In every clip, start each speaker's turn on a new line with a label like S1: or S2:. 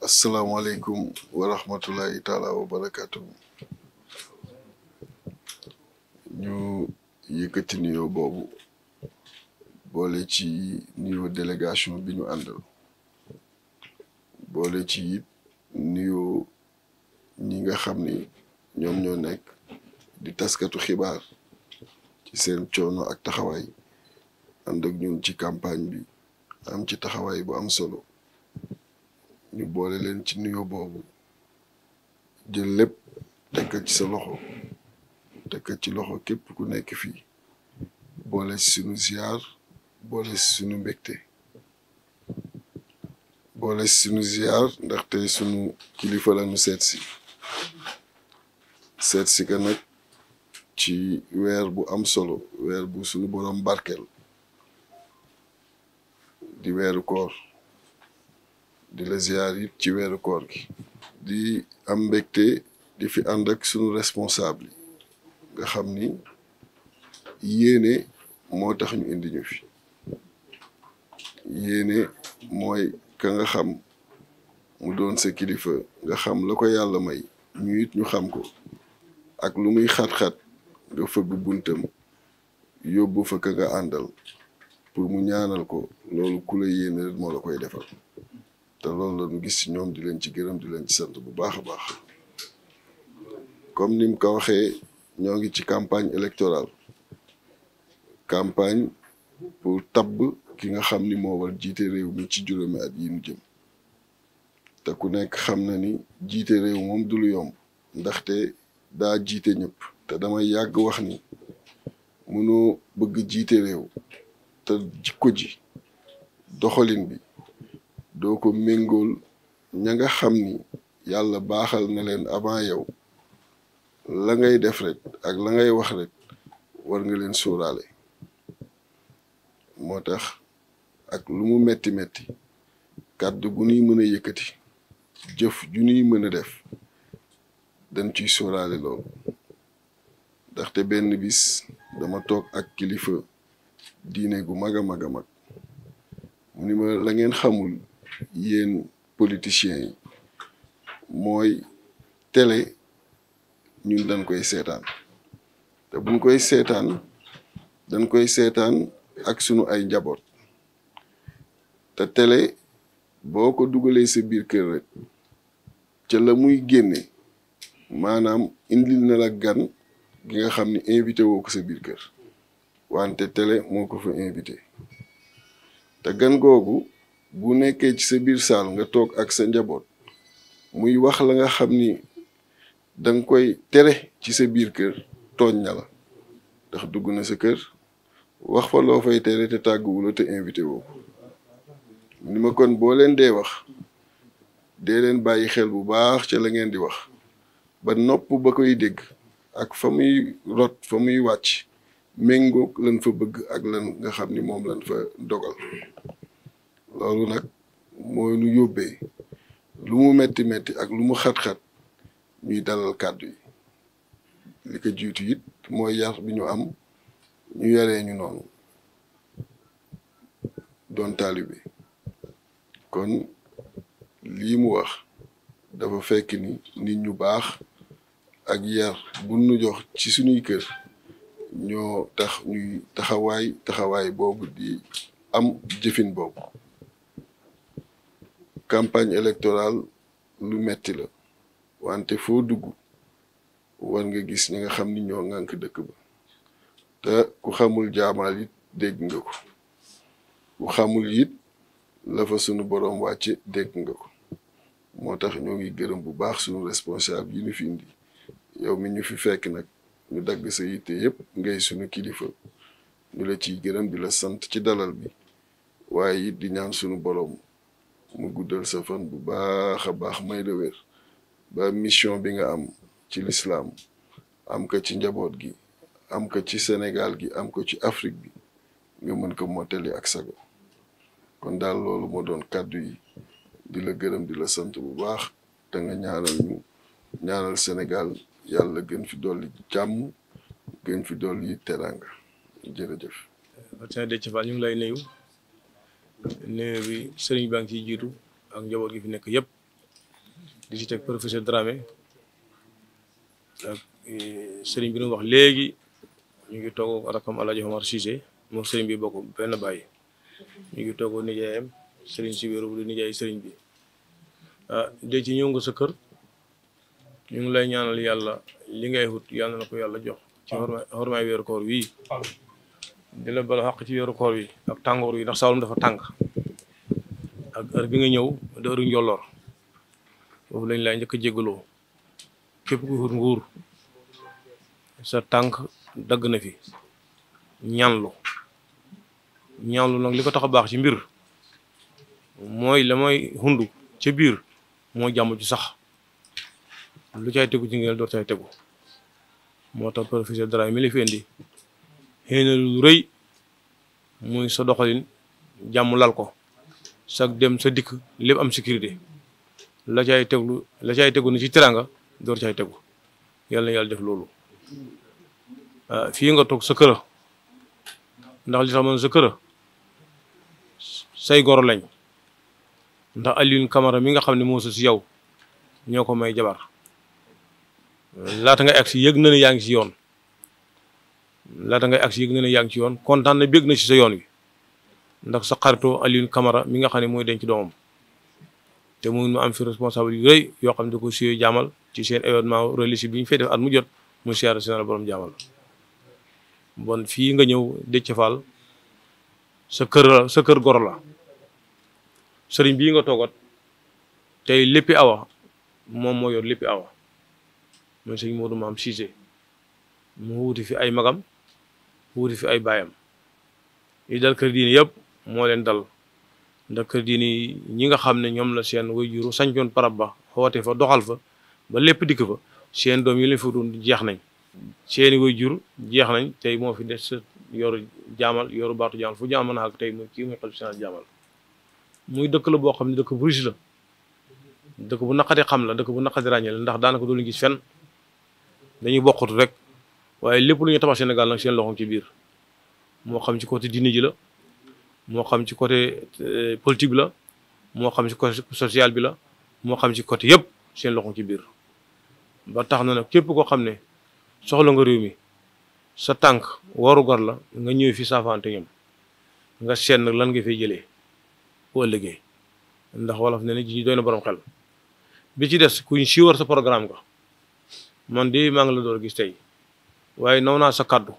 S1: asalaamaaleykum wa rahmatulahi taala wa barakaatu ñu yëkkati nuyoo boobu boole ci nuyoo délégation bi ñu àndal boole ci it nuyoo ñi nga xam ni ñoom ñoo nekk di taskatu xibaar ci seen coono ak taxawaay ànd ak ñun ci campagne bi am ci taxawaay bu am solo ñu boole leen ci nuyo boobu jël lépp tekk ci sa loxo tekk ci loxo képp ku nekk fii boole si sunu ziar boole sunu mbégte boole si sunu ziar ndaxte sunu kilifa la nu seet si ka nag ci weer bu am solo weer bu suñu borom barkeel di weeru koor di la ziar it ci weeru koor gi di am mbégte di fi ànd ak suñu responsable yi nga xam ni yéene moo tax ñu indi ñu fi yéene mooy ka nga xam mu doon sa kilifa nga xam la ko yàlla may ñu ñu xam ko ak lu muy xat-xat nga fëgg buntam yóbbu fa ka nga àndal pour mu ñaanal ko loolu ku la yéene moo la koy defal te loolu la ñu gis ci ñoom di leen ci gërëm di leen ci sant bu baax a baax comme ni mu ko waxee ñoo ngi ci campagne électorale campagne pour tabb ki nga xam ni moo war jiite réew mi ci juróomi at yi nu jëm te ku nekk xam na ni jiite réew moom du lu yomb ndaxte daa jiite ñëpp te damay yàgg wax ni mënoo bëgg jiite réew te jikko ji doxalin bi doo ko méngool ña nga xam ni yàlla baaxal na leen avant yow la ngay def rek ak la ngay wax rek war nga leen sóoraale moo tax ak lu mu metti metti kàddu gu nuy mën a yëkkati jëf ju nuy mën a def dañ ciy sóoraale loolu ndaxte benn bis dama toog ak kilifa diine gu mag a mag a mag mu ni ma la ngeen xamul yéen politiciens yi mooy télé ñun dañ koy seetaan te buñ koy seetaan dañ koy seetaan ak sunu ay njaboot te tele boo ko dugalee sa biir kër rek ca la muy génne maanaam indil na la gan gi nga xam ni invité woo ko sa biir kër wante télé moo ko fa invité te gan googu bu nekkee ci sa biir saal nga toog ak sa njaboot muy wax la nga xam ni danga koy tere ci sa biir kër tooñ na la ndax dugg na sa kër wax fa loo fay tere te tàgguwula te invité woo ko ni ma kon boo leen dee wax dee leen bàyyi xel bu baax ca la ngeen di wax ba nopp ba koy dégg ak fa muy rot fa muy wàcc méngoog lan fa bëgg ak lan nga xam ni moom lan fa dogal loolu nag moo nu yóbbee lu mu metti metti ak lu mu xat-xat ñuy dalal kàddu yi li ko jiitu it mooy yar bi ñu am ñu yaree ñu noonu doon taalibe kon lii mu wax dafa fekk ni nit ñu baax ak yar bu nu jox ci suñuy kër ñoo tax ñuy taxawaay taxawaay boobu di am jëfin boobu campagne électorale lu metti la wante foo dugg war nga gis ñi nga xam ni ñoo ŋànk dëkk ba te ku xamul jaamaal it dégg nga ko ku xamul it la sunu boroom wàcce dégg nga ko moo tax ñoo ngi gërëm bu baax sunu responsable yi ñu fi indi yow mi ñu fi fekk nag ñu dagg sa yitte yëpp ngay sunu kilifa ñu la ciy gërëm di la sant ci dalal bi waaye it di ñaan sunu borom mu guddal sa fan bu baax a baax may la wér ba mission bi nga am ci lislaam am ka ci njaboot gi am ka ci Sénégal gi am ko ci Afrique bi nga mën ko moteli ak sago kon daal loolu moo doon kàddu yi di la gërëm di la sant bu baax te nga ñaanal ñu ñaanal Sénégal yàlla gën fi dolli jàmm gën fi dolli teraanga jërëjëf.
S2: Médecin Déthié Fall ñu ngi lay nuyu nuyu bi sëriñ baa ngi ciy jiitu ak njaboot gi fi nekk yëpp di ci teg professeur drame ak eh, sëriñ bi nu wax léegi ñu ngi toog rakam El Hadj Omar Cissé moom sëriñ bi bokk benn bàyyi ñu ngi toog nijaayam sëriñ si wéeru bu nijaay sëriñ bi ah Déthié ñëw nga sa kër. ñu ngi lay ñaanal yàlla li ngay wut yàlla na ko yàlla jox ci xormaay weeru wii di bala xaq ci weeru koor wi ak tàngoor wi ndax saalum dafa tàng ak heure bi nga ñëw da heure njolloor boobu lañ lay njëkk a jégaloo képp ku nguur sa tànk dagg na fi ñaanlu ñaanlu nag li ko tax a baax ci mbir mooy la mooy xundu biir moo jàmm ju sax lu caay tegu ci ngeen door caay tegu moo tax professeur Daraay mi li fi lu rëy muy sa doxalin jàmm lal ko sa dem sa dikk lépp am sécurité la caay teglu la caay tegu ni ci teraanga door caay tegu yàlla yàlla def loolu ah, fii nga toog sa këra ndax li tax man sa kër say goro lañ ndax Alioune Camara mi nga xam ne moo si yow ñoo ko may jabar laata ngay agsi yëg na yaa ngi si yoon laata ngay agsi yëg na ne yaa ngi ci yoon kontaan na bég na ci sa yoon wi ndax sa xaritoo Alioune Camara mi nga xam ne mooy denc doomam te mu mu am fi responsable yu rëy yoo xam ne da si suyee jaamal ci seen événement religieux bi ñu fay def at mu jot mu siyaare seen borom jaamal bon fii nga ñëw Déthié Fall sa kër sa kër gor la sëriñ bii nga toogat tey lépp awa moom moo yor léppi awa mooy sëñ Modou Maam Cissé mu wuuti fi ay magam wuuti fi ay baayam yi dal kër diini yëpp moo leen dal ndax kër diini ñi nga xam ne ñoom la seen jur sañcoon parab ba xoote fa doxal fa ba lépp dikk fa seen doom yi leen fi doon jeex nañ seeni jur jeex nañ tey moo fi des yoru jaamal yoru baatu jaamal fu jaamal ak tey mooy kii mooy xalifa général jaamal muy dëkk la boo xam ne dëkk bu riche la dëkk bu naqati xam la dëkk bu naqati ràññee la ndax daanaka doo leen gis fenn dañuy bokkatu rek waaye lépp lu ñu tabax Sénégal nag seen loxoom ci biir moo xam ci côté diine ji la moo xam ci côté euh, politique bi la moo xam ci côté social bi la moo xam ci côté yëpp seen loxo ci biir ba tax na nag képp koo xam ne soxla nga réew mi sa tànk waru gar la nga ñëw fi saafante ñoom nga seet nag lan nga fay jëlee bu ëllëgee ndax wolof ne ni ji doy na borom xel bi ci des kuñ siiwar sa programme nga man de maa ngi la door gis tey waaye naw naa sa kàddu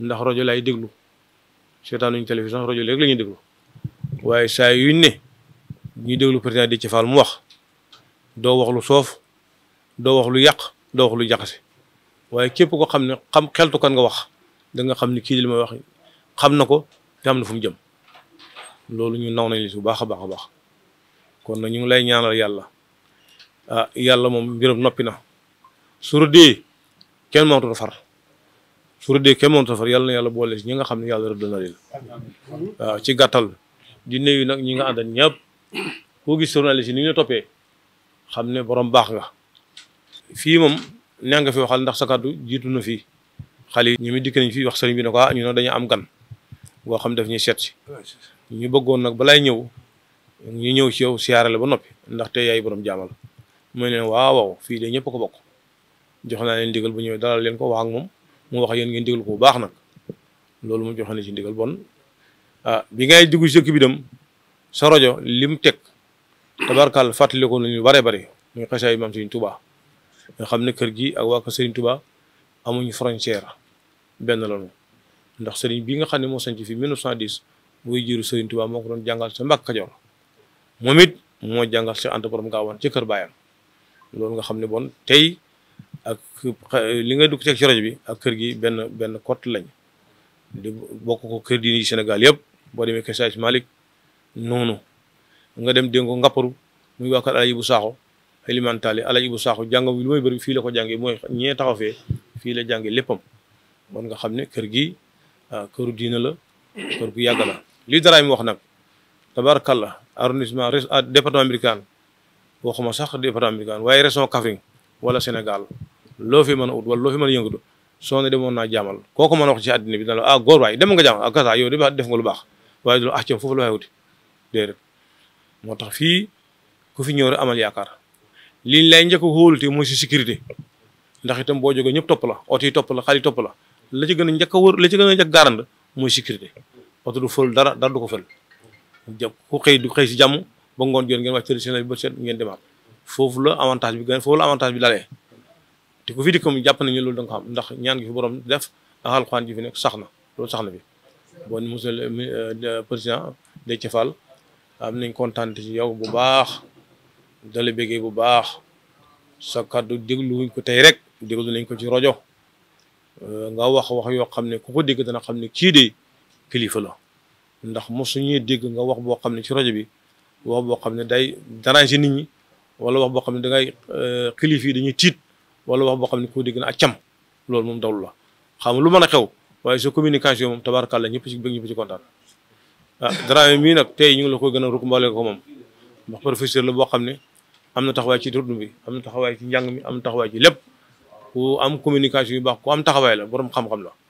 S2: ndax rajo lay déglu seetaanuñ télévision rajo léegi la ñuy déglu waaye saa yu ne ñuy déglu président di ci faal mu wax doo wax lu soof doo wax lu yàq doo wax lu jaxase waaye képp ko xam ne xam xeltu kan nga wax danga xam ni kii li may wax xam na ko te am na fu mu jëm loolu ñu naw nañ li su baax a baax a baax kon na ñu ngi lay ñaanal yàlla ah yàlla moom mbiram noppi na su rëddee kenn mënatu far su rëddee kenn mënatu far yàlla na yàlla boole si ñi nga xam ne yàlla rëdd na leen waaw ci gàttal di nuyu nag ñi nga àndal ñëpp koo gis journaliste yi ni ñu toppee xam ne borom baax nga. fii moom nee nga fi waxal ndax sa kàddu jiitu na fii xale yi ñu mi dikk nañ fi wax sëriñ bi ne ko ah, dañu am gan boo xam daf ñuy seet ñu bëggoon nag balaay ñëw ñu ñëw ci yow siyaare la ba noppi ndaxte yaay borom jaamal mooy ne waaw waaw fii de ñëpp ko bokk. jox naa leen ndigal bu ñëwee dalal leen ko wax ak moom mu wax yéen ngeen déglu ko bu baax nag loolu moom joxe na ci ndigal bon ah, bi ngay dugg sëkk bi dem sa rajo li mu teg tabarkaal fàttali ko nañu bare bare muy xasaayu maam Serigne Touba nga xam ne kër gi ak waa kër Serigne Touba amuñu frontière benn lañu ndax sëriñ bi nga xam ne moo sanc fi 1910 muy jiiru Serigne Touba moo ko doon jàngal sa Mbàkke Kajoor moom it moo jàngal sa Anta Borom Gaawaan kër baayam loolu ak li nga dugg teg ci rajo bi ak kër gi benn benn kott lañ di bokk ko kër diine yi Sénégal yëpp boo demee kër Saaj Malick noonu nga dem dénk ko ngapparu muy waa kër Alaaji bu Saaxo alimentali Alaaji bu Saaxo jàng lu may bëri fii la ko jànge mooy ñee taxaw fee fii la jànge léppam bon nga xam ne kër gi ah, këru diina la kër bu yàgg la li daraay mi wax nag tabarakallah arrondissement ah, département américain waxuma sax département américain waaye région Kaffrine wala Sénégal loo fi mën a ut wala loo fi man a yëngatu soo ne demoon naa jaamal kooku mën a wax ci àddina bi dina ah, dem nga jaamal ak ah, kasa yow de def nga lu baax waaye du ah cam foofu la waay moo tax fii ku fi ñëw amal yaakaar liñ lay njëkk a wóolute mooy si sécurité ndax itam boo jógee ñëpp topp la oto yi topp la xal la la ci gën njëkk a wër ci gën a njëkk garand mooy sécurité oto du fël dara dara du ko fël jàpp ku xëy du xëy si jàmm ba ngoon joon ngeen wàcc traditionnel bi ba seet ngeen demaat foofu la avantage bi gën la avantage bi dalee te ku fi dikk mu jàpp nañu loolu da nga xam ndax ñaan gi fi borom def ak alxuraan ji fi nekk sax na loolu sax na bi bon monsieur le euh, président Déthié Fall am nañ kontaan ci yow bu baax dala béggee bu baax sa kàddu déglu ko tey rek déglu nañ ko ci rajo euh, nga wax wax yoo xam ne ku ko dégg dana xam ne kii de kilifa la ndax mosuñuy dégg wax boo xam ne ci rajo bi wax boo xam ne day déranger nit ñi wala wax boo xam ne dangay euh, kilifa dañuy tiit wala wax boo xam ne ko dégg na accam loolu moom dawlu la xam lu mën a xew waaye sa communication moom tabaarkàlla ñëpp ci bëgg ñëpp ci kontaan ah Dramé mii nag tey ñu ngi la ko gën a rukumbaale ko moom ndax professeur la boo xam ne am na taxawaay ci dund bi am na taxawaay ci njàng mi am na taxawaay ci lépp ku am communication yu baax ku am taxawaay la boroom xam-xam la